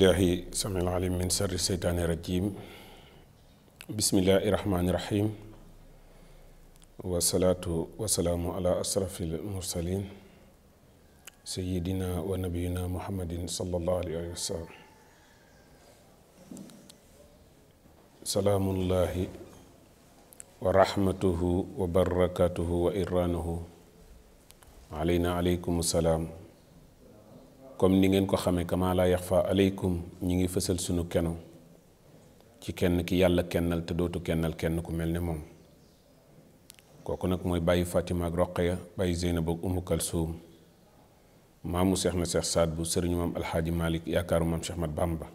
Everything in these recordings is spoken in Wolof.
بالله سمع العليم من سر الشيطان الرجيم بسم الله الرحمن الرحيم والصلاة والسلام على أشرف المرسلين سيدنا ونبينا محمد صلى الله عليه وسلم سلام الله ورحمته وبركاته وإرانه علينا عليكم السلام comme ni ngeen ko xamee kama laa yaxfa aleykum ñi ngi fësal sunu keno ci kenn ki yàlla kennal te dootu kennal kenn ku mel ne moom kooku nag mooy bàyyi Fatima ak Roqaya bàyyi Zeynab ak Umu Kalsuum maamu seex na seex saad bu sëriñ maam alxaaji Malick yaakaaru maam Cheikh Mat Bamba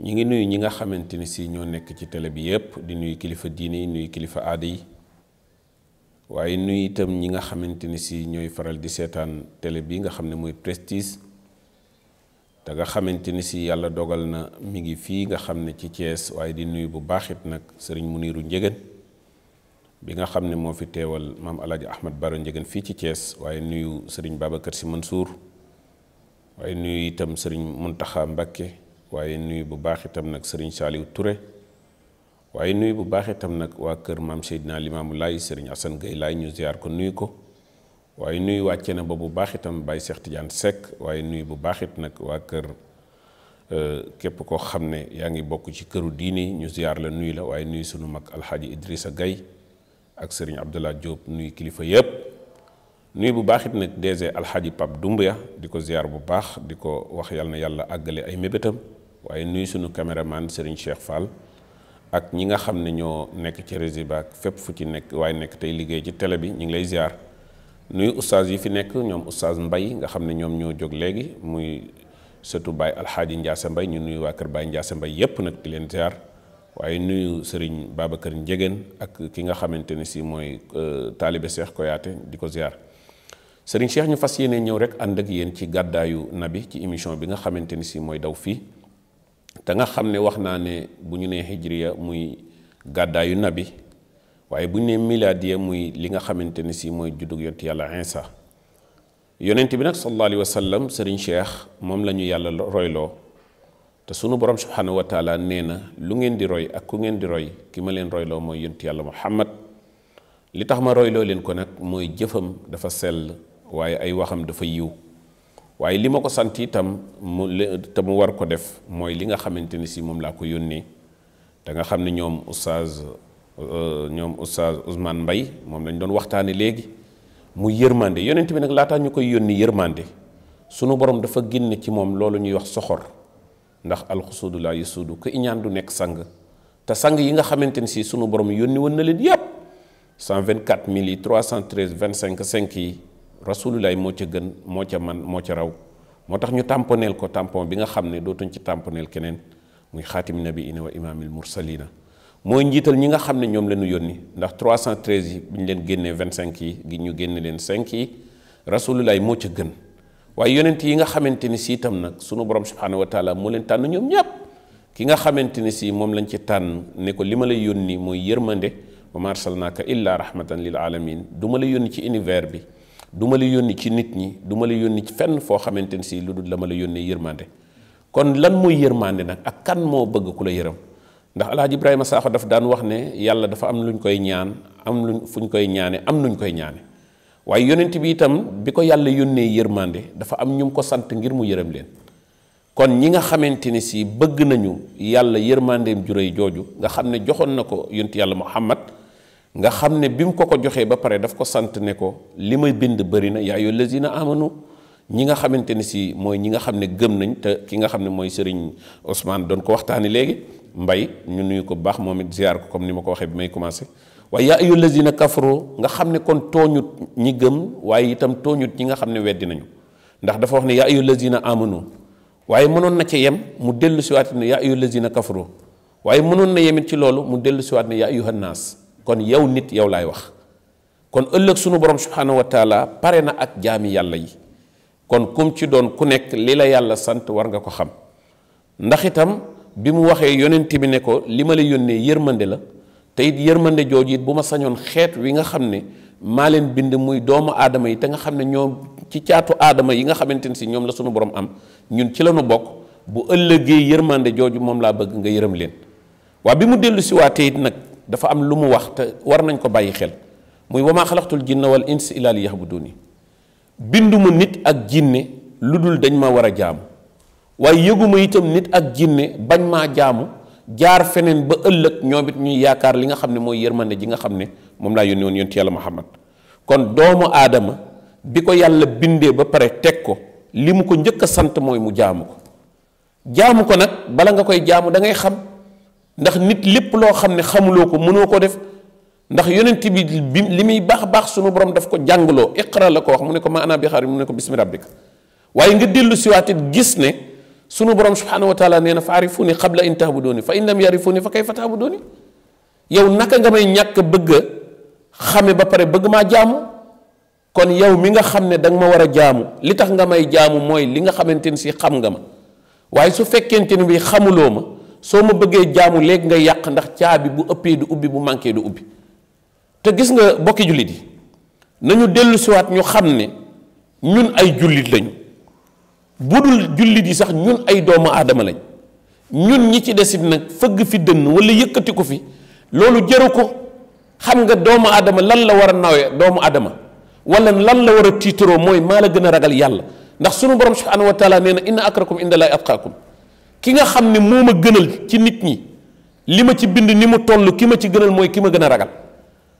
ñi ngi nuyu ñi nga xamante ni si ñoo nekk ci télé bi yépp di nuyu kilifa diine yi nuyu kilifa aada yi waaye nuyu itam ñi nga xamante ni si ñooy faral di seetaan télé bii nga xam ne mooy prestige te nga xamante ni si yàlla dogal na mi ngi fii nga xam ne ci Thiès waaye di nuyu bu baaxit nag sëriñ Muniru Njëgën bi nga xam ne moo fi teewal maam Alaaji Ahmad Baro Njëgën fii ci cees waaye nuyu sëriñ Babacar Si mën suur waaye nuyu itam sëriñ Muntaxa Mbakke waaye nuyu bu baax itam nag sëriñ Saaliw Ture waye nuyu bu baax tam nag waa kër maam Seydina Limaamu Laay Serigne Assane gay Laay ñu ziar ko nuyu ko waaye nuyu wàcce na ba bu baax itam Baye Cheikh Tidiane Seck waaye nuyu bu baax it nag waa kër képp koo xam ne yaa ngi bokk ci këru diini ñu ziar la nuyu la waaye nuyu sunu mag Alxaaji Idrissa gay ak Serigne Abdallah Diop nuyu kilifa yëpp nuyu bu baax it nag DG Alxaaji Pape Doumbia di ko ziar bu baax di ko wax yàlla na yàlla àggale ay mébétam waaye nuyu sunu caméraman Serigne Cheikh Fall. ak ñi nga xam ne ñoo nekk ci résiba ak fépp fu ci nekk waaye nekk tey liggéey ci tele bi ñu ngi lay ziar nuyu ustaas yi fi nekk ñoom ustaas mbay nga xam ne ñoom ñoo jóg léegi muy sëtu baay alxaaji njaase mbay ñu nuyu waa kër baay njaase mbay yépp nag di leen ziar waaye nuyu sëriñ Babacar Njegéen ak ki nga xamante ne si mooy euh, taalibe Cheikh Koyaate di ko ziar sëriñ Cheikh ñu fas yéene ñëw rek ànd ak yéen ci gàddaayu na bi ci émission bi nga xamante ni si mooy daw fii danga xam ne wax naa ne bu ñu nee hijriya muy gàddaayu nabi waaye bu ñu nee miladiya muy li nga xamante ne si mooy juddug yonent yàlla Insa yonent bi nag sallallahu alayhi wa sallam sëriñ Cheikh moom la ñu yàlla royloo te sunu borom subhanahu nee na lu ngeen di roy ak ku ngeen di roy ki ma leen royloo mooy yonent yàlla Muhammad li tax ma royloo leen ko nag mooy jëfam dafa sell waaye ay waxam dafa yiw waaye li ma ko sant itam mu te mu war ko def mooy li nga xamante ni si moom laa ko yónnee da nga xam ne ñoom oustaz euh, ñoom oustaz Ousmane Mbaye moom lañ doon waxtaane léegi mu yërmande yonent bi nag laataa ñu koy yónni yërmande sunu borom dafa génn ci moom loolu ñuy wax soxor ndax alxusuudu laa yusuudu ko iñaan du nekk sang te sang yi nga xamante ni si sunu borom yónni woon na leen yépp 124 mille yi 313 25 cinq yi rasulullah moo ca gën moo ca man moo ca raw moo tax ñu tamponeel ko tampon bi nga xam ne dootuñ ci tamponeel keneen muy xaatim nabi ina wa imaamil mursalina mooy njiital ñi nga xam ne ñoom la ñu yónni ndax 313 yi bi ñu leen génnee 25 yi gi ñu génne leen 5 yi rasulullah moo ca gën waaye yonent yi nga xamante ni si nag sunu borom subhanahu wa taala moo leen tànn ñoom ki nga xamante ni si moom lañ ci tànn ne ko li ma la yónni mooy yërmande wa ma arsalnaaka illa rahmatan lil alamin du ma la yónni ci univers bi duma ma la yónni ci nit ñi duma ma la yónni ci fenn foo xamante ne si lu dul la ma la yónnee yërmande kon lan mooy yërmande nag ak kan moo bëgg ku la yërëm ndax alhaji ibrahima saaxo daf daan wax ne yàlla dafa am ñu koy ñaan am fuñ koy ñaane am nuñ koy ñaane waaye yonent bi itam bi ko yàlla yónnee yërmande dafa am ñu ko sant ngir mu yërëm leen kon ñi nga xamante ne si bëgg nañu yàlla yërmandeem juréy jooju nga xam ne joxoon na ko yonent yàlla muhammad nga xam ne bi mu ko ko joxee ba pare daf ko sant ne ko li may bind bëri na yaa yu lazina amanu ñi nga xamante ne si mooy ñi nga xam ne gëm nañ te ki nga xam ne mooy sëriñ Ousmane doon ko waxtaani léegi mbay ñu nuyu ko bu baax moom it ziar ko comme ni ma ko waxee bi may commencé waaye yaa ayu lazina kafaro nga xam ne kon tooñut ñi gëm waaye itam tooñut ñi nga xam ne weddi nañu ndax dafa wax ne yaa ayu lazina amanu waaye mënoon na ci yem mu dellu siwaat ne yaa ayu lazina kafaro waaye mënoon na yemit ci loolu mu dellu siwaat ne yaa ayuha naas kon yow nit yow laay wax kon ëllëg sunu borom subhanahu pare na ak jaami yàlla yi kon kum ci doon ku nekk li la yàlla sant war nga ko xam ndax itam bi mu waxee yonent bi ne ko li ma la yónnee yërmande la te it yërmande jooju it bu ma sañoon xeet wi nga xam ne maa leen bind muy doomu aadama yi te nga xam ne ñoom ci caatu aadama yi nga xamante ne si ñoom la sunu borom am ñun ci la bokk bu ëllëgee yërmande jooju moom laa bëgg nga yërëm leen dafa am lu mu wax te war nañ ko bàyyi xel muy wama xalaqtul jinna wal ins illa li yahbuduni binduma nit ak jinne lu dul dañ ma war a jaamu waaye yëguma itam nit ak jinne bañ maa jaamu jaar feneen ba ëllëg ñoo it ñuy yaakaar li nga xam ne mooy yërmande ji nga xam ne moom laa yónni woon yonent yàlla Muhammad kon doomu aadama bi ko yàlla bindee ba pare teg ko li mu ko njëkk a sant mooy mu jaamu ko jaamu ko nag bala nga koy jaamu da ngay xam ndax nit lépp loo xam ne xamuloo ko mënoo ko def ndax yonent bi bi li muy baax baax sunu borom daf ko jàngloo iqra la ko wax mu ne ko ma ana bi xaar mu ne ko bismi rabbik waaye nga dellu siwaat it gis ne sunu borom subhanahu wa taala nee na fa arifuni qabla in tahbuduni fa in lam yarifuni fa kayfa tahbuduni yow naka nga may ñàkk bëgg xame ba pare bëgg maa jaamu kon yow mi nga xam ne da nga ma war a jaamu li tax nga may jaamu mooy li nga xamante ni si xam nga ma waaye su fekkente ni bi xamuloo ma soo ma bëggee jaamu léegi nga yàq ndax caabi bu ëppee du ubbi bu manqué du ubbi te gis nga bokki jullit yi nañu dellusiwaat siwaat ñu xam ne ñun ay jullit lañu bu dul jullit yi sax ñun ay doomu aadama lañ ñun ñi ci desit nag fëgg fi dënn wala yëkkati ko fi loolu jaru ko xam nga doomu aadama lan la war a nawee doomu adama wala lan la war a tiitaroo mooy maa la gën a ragal yàlla ndax sunu borom subhanahu wa taala nee na inna akrakum inda laay atqaakum ki nga xam ne moo ma gënal ci nit ñi li ma ci bind ni mu toll ki ma ci gënal mooy ki ma gën a ragal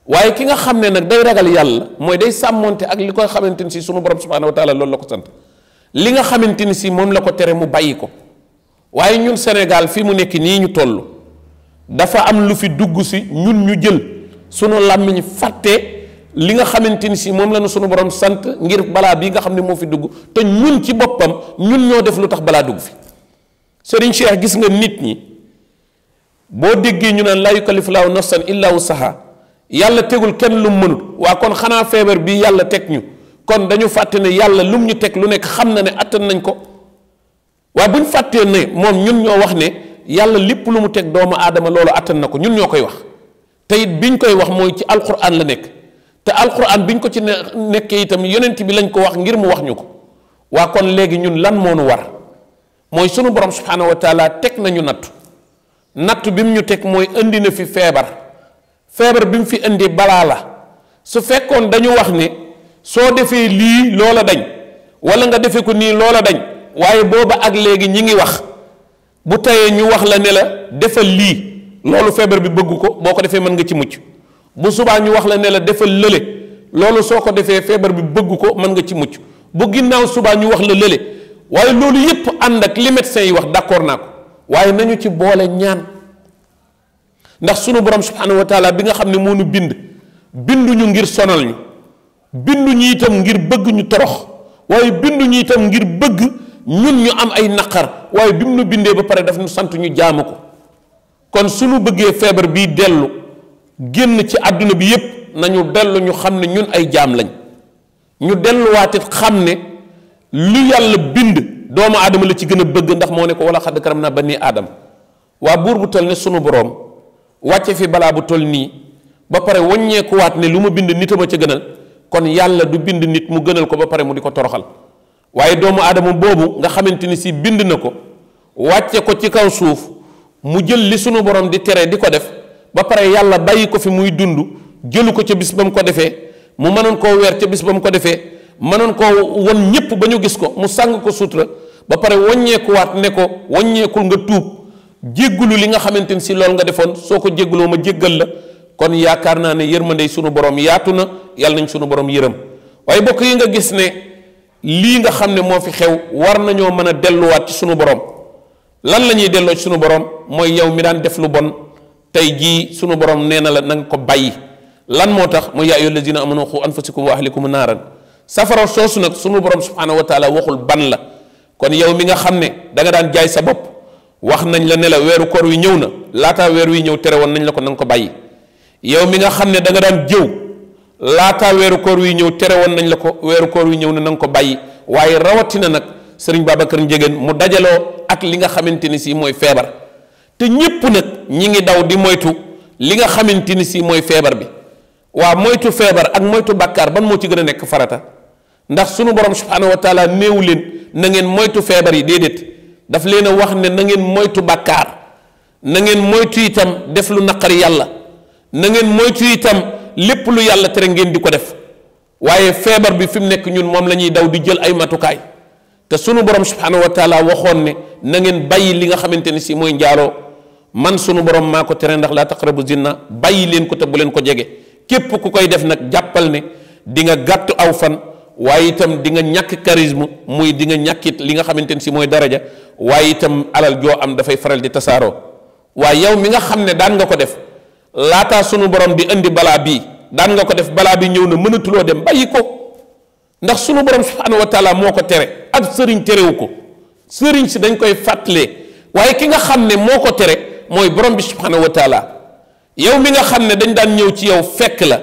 waaye ki nga xam ne nag day ragal yàlla mooy day sàmmonte ak li koy xamante ni si sunu borom subhanahu wa taala loolu la ko sant li nga xamante ni si moom la ko tere mu bàyyi ko waaye ñun Sénégal fii mu nekk nii ñu toll dafa am lu fi dugg si ñun ñu jël sunu làmmiñ fàtte li nga xamante ni si moom la nu sunu borom sant ngir balaa bii nga xam ne moo fi dugg te ñun ci boppam ñun ñoo def lu tax balaa dugg fi sëriñ cheikh gis nga nit ñi boo déggee ñu naan laa yukallifu nafsan illa wusaha yàlla tegul kenn lu mu mënut waa kon xanaa feebar bi yàlla teg ñu kon dañu fàtte ne yàlla lum ñu teg lu nekk xam na ne attan nañ ko waaye buñ fàttee ne moom ñun ñoo wax ne yàlla lépp lu mu teg doomu aadama loolu attan na ko ñun ñoo koy wax te it biñ koy wax mooy ci alquran la nekk te alquran biñ ko ci nekkee itam yonent bi lañ ko wax ngir mu wax ñu ko waa kon léegi ñun lan moo war mooy sunu borom subhaanahu wa taala teg nañu nattu nattu bi mu ñu teg mooy indi na fi feebar feebar bi mu fi indi balaa la su fekkoon dañu wax ne soo defee lii loola dañ wala nga defe ko nii loola dañ waaye booba ak léegi ñi ngi wax bu tayee ñu wax la ne la defal lii loolu feebar bi bëgg ko boo ko defee mën nga ci mucc bu subaa ñu wax la ne la defal lële loolu soo ko defee feebar bi bëgg ko mën nga ci mucc bu ginnaaw subaa ñu wax la lële waaye loolu yépp ànd ak li médecins yi wax d'accord naa ko waaye nañu ci boole ñaan ndax suñu borom subhanahu bi nga xam ne moo nu bind binduñu ngir sonal ñu binduñu itam ngir bëgg ñu torox waaye binduñu itam ngir bëgg ñun ñu am ay naqar waaye bi mu nu bindee ba pare daf ñu sant ñu jaamu ko kon suñu bëggee feebar bii dellu génn ci àdduna bi yépp nañu dellu ñu xam ne ñun ay jaam lañ ñu delluwaat it xam ne. lu yàlla bind doomu aadama la ci gën a bëgg ndax moo ne ko wala xadd karam naa ba nii aadama waa buur bu toll ne sunu boroom wàcce fi balaa bu toll nii ba pare wàññeekuwaat ne lu ma bind nit a ma ca gënal kon yàlla du bind nit mu gënal ko ba pare mu di ko toroxal waaye doomu aadama boobu nga xamante ni si bind na ko wàcce ko ci kaw suuf mu jël li sunu borom di tere di ko def ba pare yàlla bàyyi ko fi muy dund jëlu ko ca bis ba mu ko defee mu mënoon koo weer ca bis ba mu ko defee mënoon koo won ñëpp ba ñu gis ko mu sàng ko suut sutura ba pare wàññeekuwaat ne ko wàññeekul nga tuub jéggulu li nga xamante ni si loolu nga defoon soo ko jéggaloo ma jéggal la kon yaakaar naa ne yërmandey sunu borom yaatu na yàlla nañ sunu borom yërëm waaye bokk yi nga gis ne lii nga xam ne moo fi xew war nañoo mën a delluwaat ci sunu borom lan la ñuy delloo ci sunu borom mooy yow mi daan def lu bon tey jii sunu borom nee na la na ko bàyyi lan moo tax mooy yaa ayyuhal lazina amanu qu anfusakum ku ahlikum naaran safara soosu nag sunu borom subhanahu wa waxul ban la kon yow mi nga xam ne danga daan jaay sa bopp wax nañ la ne la weeru koor wi ñëw na laataa weer wi ñëw tere woon nañ la ko na nga ko bàyyi yow mi nga xam ne danga daan jëw laataa weeru koor wi ñëw tere woon nañ la ko weeru koor wi ñëw na nanga ko bàyyi waaye rawatina nag sëriñ Babacar Njëgéen mu dajaloo ak li nga xamante ni si mooy feebar te ñépp nag ñi ngi daw di moytu li nga xamante ni si mooy feebar bi waa moytu feebar ak moytu bàkkaar ban moo ci gën a nekk farata ndax sunu borom subhanahu wa taala néew leen na ngeen moytu febar yi dedet daf leena wax ne na ngeen moytu bakar na ngeen moytu itam def lu naqari yàlla na ngeen moytu itam lépp lu yàlla tere ngeen diko def waye febar bi fim nek ñun mom lañuy daw di jël ay matukay te sunu borom subhanahu wa taala waxon ne na ngeen bàyyi li nga xamanteni si moy njaaloo man sunu borom mako tere ndax la taqrabu zinna bàyyi len ko te bu len ko jégué képp ku koy def nak jàppal ne di nga gattu aw fan waaye itam dinga ñàkk charisme muy di ñàkkit li nga xamante ne si mooy daraja waaye itam alal joo am dafay faral di tasaaroo waaye yow mi nga xam ne daan nga ko def laataa sunu borom di indi balaa bii daan nga ko def balaa bi ñëw na mënatuloo dem bàyyi ndax sunu borom subhanahu wa moo ko tere ab sëriñ terewu ko sëriñ si dañ koy fàttalee waaye ki nga xam ne moo ko tere mooy borom bi subhanahu yow mi nga xam ne dañ daan ñëw ci yow fekk la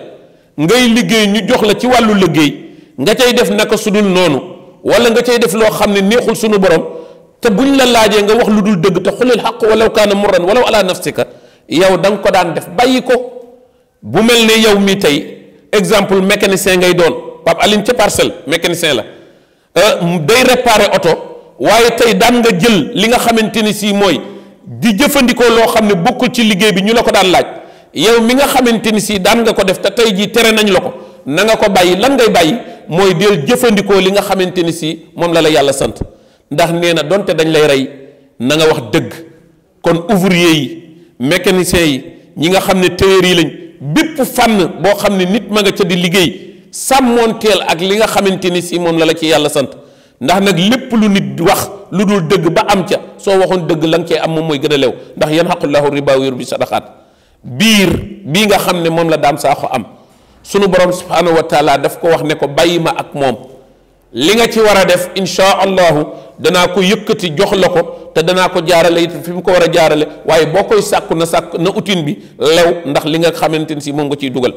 ngay liggéey ñu jox la ci wàllu liggéey nga cay def naka sudul nonu wala nga cay def lo xam neexul sunu borom te buñ la laaje nga wax lu deug te xulil haqq walaw kana murran walaw ala nafsika yow dang ko daan def bayiko bu melne yow mi tay exemple mécanicien ngay doon pap Aline ci parcel mécanicien la day réparer auto waye tay daan nga jël li nga xamanteni si moy di jëfëndiko lo xam ne ci liggéey bi ñu la ko daan laaj yow mi nga xamanteni si daan nga ko def te tay ji tere nañ la ko na nga ko bàyyi lan ngay bàyyi mooy del jëfandikoo li nga xamante ni si moom la la yàlla sant ndax nee na donte dañ lay rey na nga wax dëgg kon ouvrier yi mécanicien yi ñi nga xam ne tailleur yi lañ bépp fànn boo xam ne nit ma nga ca di liggéey sàmmoonteel ak li nga xamante ni si moom la la ci yàlla sant ndax nag lépp lu nit wax lu dul dëgg ba am ca soo waxoon dëgg la nga cee am moom mooy gën a leew ndax yan xaqullahu riba bi sa sadaqaat biir bii nga xam ne moom la daam saaxo am sunu borom subhanahu wa taala daf ko wax ne ko bayima ak mom li nga ci wara def insha allahu dana ko yëkkati jox lako te dana ko jaarale it fi mu ko wara jaarale waye bokoy sàkku na sak na utin bi lew ndax li nga xamanteni si mom nga ci duggal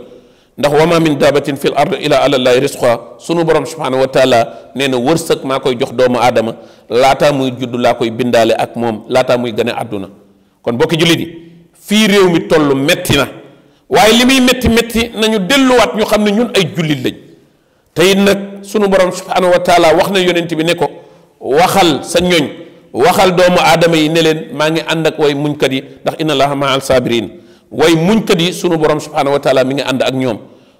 ndax wama min dabatin fil ard ila alallahi risqa sunu borom subhanahu wa taala neena na ma koy jox doomu adama lata muy judd la koy bindale ak mom lata muy gën aduna kon bokki julidi fi fii mi metti na waye limi métti métti nañu wat ñu xam ñun ay jullit lañ tay nak sunu borom subhanahu wa taala waxna yonent bi ne ko waxal sa ñoñ waxal doomu adama yi ne len ma ngi ànd ak way muñkat yi ndax inna allaha ma'al al sabirin way muñkat yi sunu borom subhanahu wa taala mi ngi ànd ak ñoom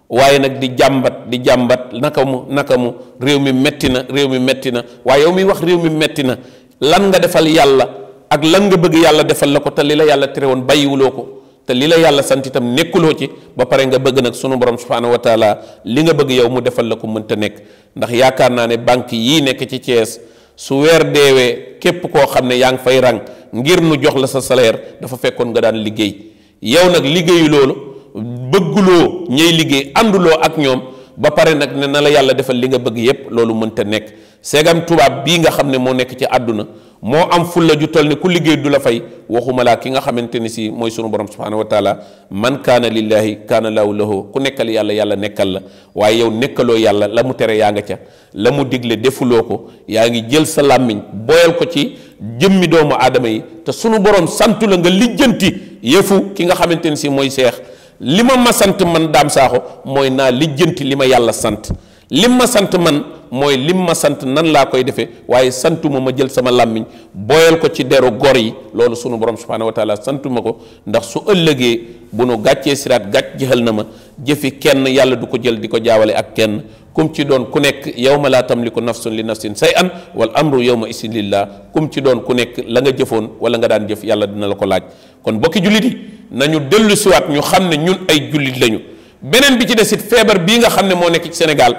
waye nak di jàmbat di jàmbat nakamu nakamu rew mi metti na rew mi metti na waye yow mi wax rew mi metti na lan nga defal yàlla ak lan nga bëgg yàlla defal lako ta lila yàlla tere won bayiwuloko te li la yàlla sant itam nekkuloo ci ba pare nga bëgg nag sunu borom subhaanahu wa taala li nga bëgg yow mu defal la ko mënta nekk ndax yaakaar naa ne banque yii nekk ci Thiès su weer deewee képp koo xam ne yaa ngi fay rang ngir nu jox la sa salaire dafa fekkoon nga daan liggéey yow nag liggéeyu loolu bëgguloo ñëy liggéey ànduloo ak ñoom ba pare nag ne na la yàlla defal li nga bëgg yépp loolu mënta nekk segam tubaab bii nga xam ne moo nekk ci àdduna mo am fulla ju tolni ku liggéey du la fay waxuma la ki nga xamante ni si mooy sunu borom subhanahu wa taala man kaana lillahi kaana lahu lahu ku nekkal yàlla yàlla nekkal la waaye yow nekkaloo yàlla la mu tere yaa nga ca la mu digle defuloo ko yaa ngi jël sa làmmiñ booyal ko ci jëmmi doomu aadama yi te sunu borom santu la nga lijjanti yëfu ki nga xamante ni si mooy seex li ma ma sant man daam saaxo mooy naa lijjanti li ma yàlla sant lim ma sant man mooy lim ma sant nan laa koy defee waaye santuma ma jël sama làmmiñ booyal ko ci deru gor yi loolu sunu borom subhaanahu wa taala santuma ko ndax su ëllëgee bu nu gàccee siraat gàcc jëxal na ma jëfi kenn yàlla du ko jël di ko jaawale ak kenn kum ci doon ku nekk yawma laa ko nafsun li nafsin say an wal amru yawma isin lillah kum ci doon ku nekk la nga jëfoon wala nga daan jëf yàlla dina la ko laaj kon bokki jullit yi nañu dellu siwaat ñu xam ne ñun ay jullit lañu beneen bi ci des feebar bii nga xam ne moo nekk ci Sénégal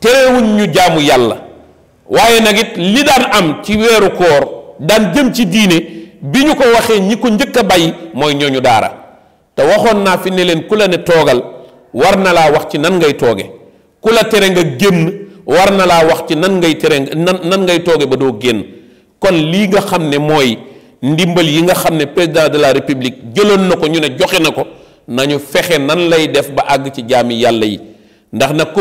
terewuñ ñu jaamu yàlla waaye nag it li daan am ci weeru koor daan jëm ci diine bi ñu ko waxee ñi ko njëkk a bàyyi mooy ñooñu daara te waxoon naa fi ne leen ku la ne toogal war na laa wax ci nan ngay tooge ku la tere nga génn war na laa wax ci nan ngay tere nan nan ngay tooge ba doo génn kon lii nga xam ne mooy ndimbal yi nga xam ne président de la république jëloon na ko ñu ne joxe na ko nañu fexe nan lay def ba àgg ci jaami yàlla yi ndax nag ku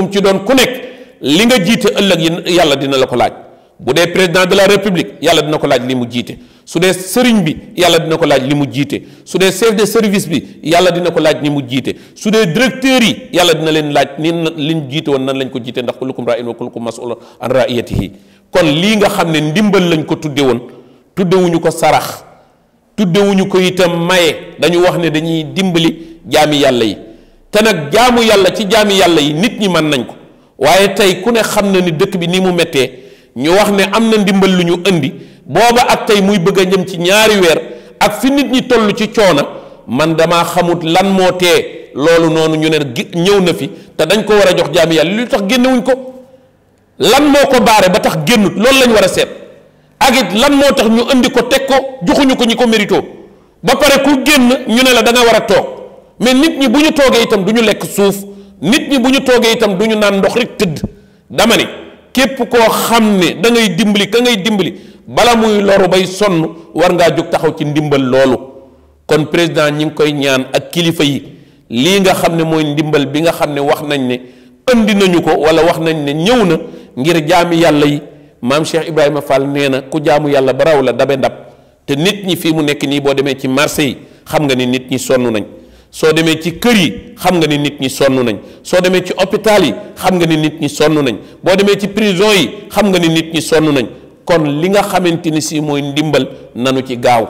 li nga jiite ëllëg yi yàlla dina la ko laaj bu dee président de la république yàlla dina ko laaj li mu jiite su dee sëriñ bi yàlla dina ko laaj li mu jiite su dee chef de service bi yàlla dina ko laaj ni mu jiite su dee directeur yi yàlla dina leen laaj ni li jiite woon nan lañ ko jiite ndax kullukum ra'in wa kullukum mas'ulun an ra'iyatihi kon lii nga xam ne ndimbal lañ ko tudde woon tudde wu ñu ko sarax tuddewuñu ko itam maye dañu wax ne dañuy dimbali jaami yàlla yi te nag jaamu yàlla ci jaami yàlla yi nit ñi mën nañ ko waaye tey ku ne xam na ni dëkk bi nii mu méttee ñu wax ne am na ndimbal lu ñu indi booba ak tey muy bëgg a jëm ci ñaari weer ak fi nit ñi toll ci coona man dama xamut lan moo tee loolu noonu ñu ne ñëw na fi te dañ ko war a jox jaami yàlla lu tax génnewuñu ko lan moo ko baare ba tax génnut loolu lañ war a seet ak it lan moo tax ñu indi ko teg ko joxuñu ko ñi ko mérito ba pare ku génn ñu ne la da nga war a toog mais nit ñi bu ñu toogee itam du ñu lekk suuf nit ñi bu ñu toogee itam du ñu naan ndox rek tëdd dama ne képp koo xam ne da ngay dimbali ka ngay dimbali bala muy loru bay sonn war ngaa jóg taxaw ci ndimbal loolu kon président ñi ngi koy ñaan ak kilifa yi lii nga xam ne mooy ndimbal bi nga xam ne wax nañ ne indi nañu ko wala wax nañ ne ñëw na ngir jaami yàlla yi maam Cheikh Ibrahima Fall nee na ku jaamu yàlla ba raw la dabe ndab te nit ñi fii mu nekk nii boo demee ci marché yi xam nga ni nit ñi sonn nañ soo demee ci kër yi xam nga ni nit ñi sonn nañ soo demee ci hôpital yi xam nga ni nit ñi sonn nañ boo demee ci prison yi xam nga ni nit ñi sonn nañ kon li nga xamante ni si mooy ndimbal nañu ci gaaw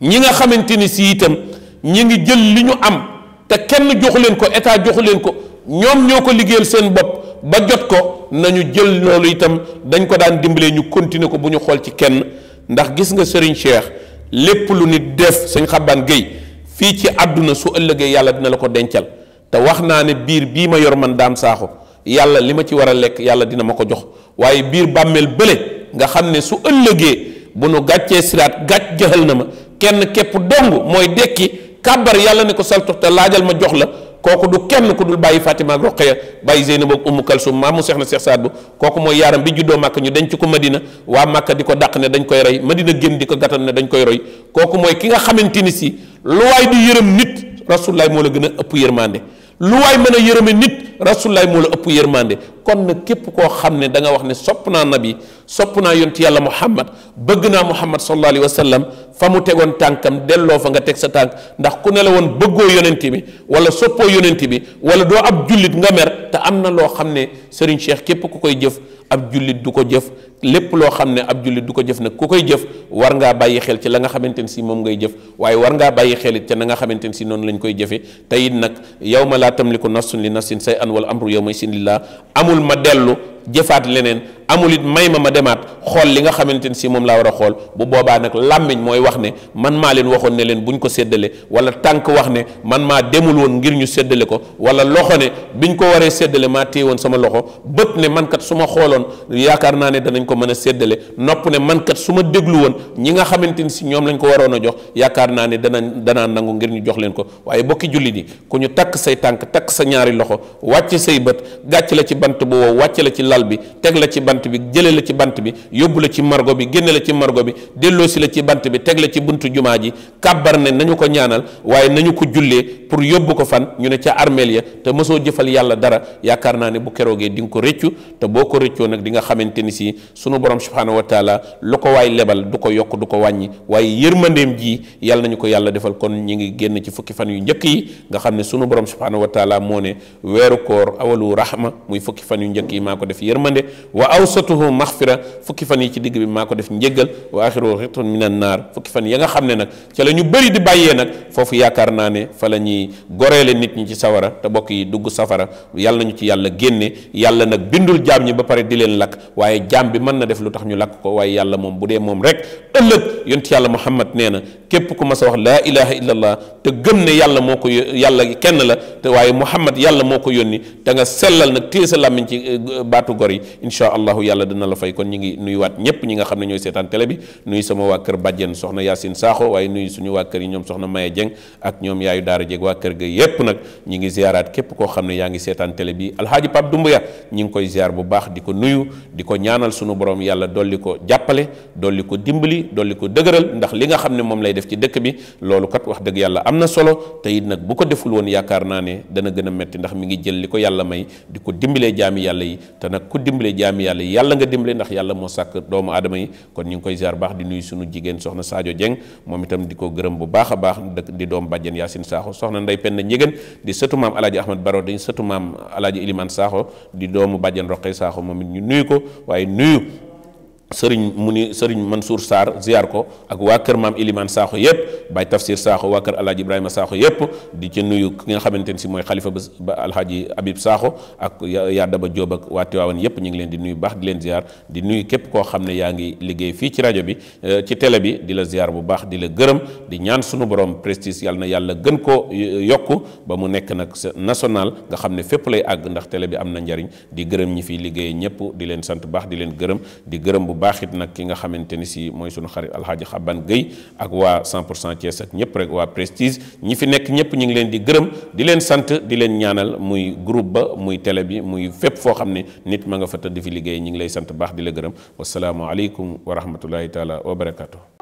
ñi nga xamante ni si itam ñi ngi jël li ñu am te kenn joxu leen ko état joxu leen ko ñoom ñoo ko liggéeyal seen bopp ba jot ko nañu jël loolu itam dañ ko daan dimbalee ñu continuer ko bu ñu xool ci kenn ndax gis nga sëriñ Cheikh lépp lu nit def sëñ Xabbaan Guèye fii ci àdduna su ëllëgee yàlla dina la ko dencal te wax naa ne biir bii ma yor man daam saaxo yàlla li ma ci war a lekk yàlla dina ma ko jox waaye biir bàmmeel bële nga xam ne su ëllëgee bu nu gàccee siraat gàcc jëxal na ma kenn képp dong mooy dekki kàbbar yàlla ne ko saltox te laajal ma jox la kooku du kenn ku dul bàyyi Fatima ak Roqeya bàyyi Zeynab ak Ummu Kalsum maamu seex na seex Saad bu kooku mooy yaaram bi juddoo Màkka ñu denc ko Madina waa Màkka di ko dàq ne dañ koy rey ma Madina génn di ko gàttal ne dañ koy roy kooku mooy ki nga xamante ni si lu waay di yërëm nit rasulullah moo la gën a ëpp yërmande lu way meuna yeureme nit rasulullah mo la upp yermande kon na kep ko xamne da nga wax ne sopna nabi sopna yonti yalla muhammad beug na muhammad sallallahu alaihi wasallam famu tegon tankam delo fa nga tek sa tank ndax ku nele won beggo yonenti bi wala soppo yonenti bi wala do ab julit nga mer ta amna lo xamne serigne cheikh kep ku koy jëf ab jullit du ko jëf lépp loo xam ne ab jullit du ko jëf nag ku koy jëf war ngaa bàyyi xel ci la nga xamante si moom ngay jëf waaye war ngaa bàyyi xel it na nga xamante si noonu lañ koy jëfe te it nag yow ma laa tamliku nafsun li nafsin say an wal amru yow may sin lillah amul ma dellu jëfaat leneen amul it may ma ma demaat xool li nga xamante ni si moom laa war a xool bu boobaa nag làmmiñ mooy wax ne man maa leen waxoon ne leen buñ ko séddale wala tànk wax ne man maa demul woon ngir ñu seddale ko wala loxo ne biñ ko waree seddale maa téye woon sama loxo bët ne man kat su ma xooloon yaakaar naa ne danañ ko mën a séddale nopp ne man kat su ma déglu woon ñi xamante ni si ñoom lañ ko waroon a jox yaakaar naa ne danañ danaa nangu ngir ñu jox leen ko waaye bokki julli di ku ñu takk say tànk takk sa ñaari loxo wàcc say bët gàcc la ci bant bu lal bi teg la ci bant bi jële la ci bant bi yóbbu la ci margo bi génne la ci margo bi delloosi la ci bant bi teg la ci buntu jumaa ji kàbbar ne nañu ko ñaanal waaye nañu ko jullee pour yóbbu ko fan ñu ne ca armeel ya te mësoo jëfal yàlla dara yaakaar naa ne bu keroogee di nga ko rëccu te boo ko rëccoo nag di nga xamante ni si sunu borom subhaanahu wa taala lu ko waay lebal du ko yokk du ko wàññi waaye yërmandeem ji yàlla nañu ko yàlla defal kon ñi ngi génn ci fukki fan yu njëkk yi nga xam ne sunu borom wa taala moo ne weeru koor awalu rahma muy fukki yërmande wa awsatuhu maxfira fukki fan yi ci digg bi maa ko def njéggal wa axiru ritun min an naar fukki fan ya nga xam ne nag ca la ñu bëri di bàyyee nag foofu yaakaar naa ne fa la ñuy goreele nit ñi ci sawara te bokk yi dugg safara yàlla nañu ci yàlla génne yàlla nag bindul jaam ñi ba pare di leen lakk waaye jaam bi mën na def lu tax ñu lakk ko waaye yàlla moom bu dee moom rek ëllëg yonent yàlla muhammad nee na képp ku mas a wax laa ilaha illallah te gëm ne yàlla moo ko yàlla kenn la te waaye muhammad yàlla moo ko yónni da nga sellal nag téye sa làmmiñ ci baatu yaatu gor yi incha allahu yàlla dina la fay kon ñi ngi nuyuwaat ñëpp ñi nga xam ne ñooy seetaan télé bi nuyu sama waa kër bàjjen soxna Yacine Sakho waaye nuyu suñu waa kër yi ñoom soxna Maye Dieng ak ñoom yaayu daara jeeg waa kër ga yépp nag ñi ngi ziaraat képp koo xam ne yaa ngi seetaan télé bi alhaaji Pape Doumbouya ñi ngi koy ziar bu baax di ko nuyu di ko ñaanal suñu borom yàlla dolli ko jàppale dolli ko dimbali dolli ko dëgëral ndax li nga xam ne moom lay def ci dëkk bi loolu kat wax dëgg yàlla am na solo te it nag bu ko deful woon yaakaar naa ne dana gën a metti ndax mi ngi jël li ko yàlla may ko dimbalee jaami yàlla ku dimbale jaami yàlla yàlla nga dimbale ndax yàlla moo sàkk doomu aadama yi kon ñu ngi koy ziar baax di nuyu suñu jigéen soxna Sadio Dieng moom itam di ko gërëm bu baax a baax di doom bàjjen Yacine Sakho soxna Ndey pen na Njigéen di sëtu maam alaaji Ahmad Baro di sëtu maam alaaji Ilimane Sakho di doomu bàjjen Roqay Sakho moom it ñu nuyu ko waaye nuyu sëriñ mu ni sëriñ Mansour saar ziar ko ak waa kër maam Ilimane Sakho yëpp Baye Tafsir Sakho waa kër El Hadj Ibrahima Sakho yëpp di ci nuyu ki nga xamante ne si mooy xalifa ba Al Hadj Habib Sakho ak Yadda Ba Diop ak waa Tiwaawan yëpp ñu ngi leen di nuyu baax di leen ziar di nuyu képp koo xam ne yaa ngi liggéey fii ci rajo bi eh, ci tele bi di la ziar bu baax di la gërëm di ñaan sunu borom prestige yàlla na yàlla gën koo yokk ba mu nekk nag national nga xam ne fépp lay àgg ndax bi am na njariñ di gërëm ñi fiy liggéey ñëpp di leen sant baax di leen gërëm di gërëm baaxit nag ki nga xamante ni si mooy sunu xarit alxaaji xaban géey ak waa pour 100% Thiès ak ñëpp rek waa prestige ñi fi nekk ñëpp ñu ngi leen di gërëm di leen sant di leen ñaanal muy groupe ba muy tele bi muy fépp foo xam ne nit ma nga fa tëdd fi liggéey ñi ngi lay sant baax di la gërëm wasalaamualeykum wa rahmatullahi taala wa barakatuh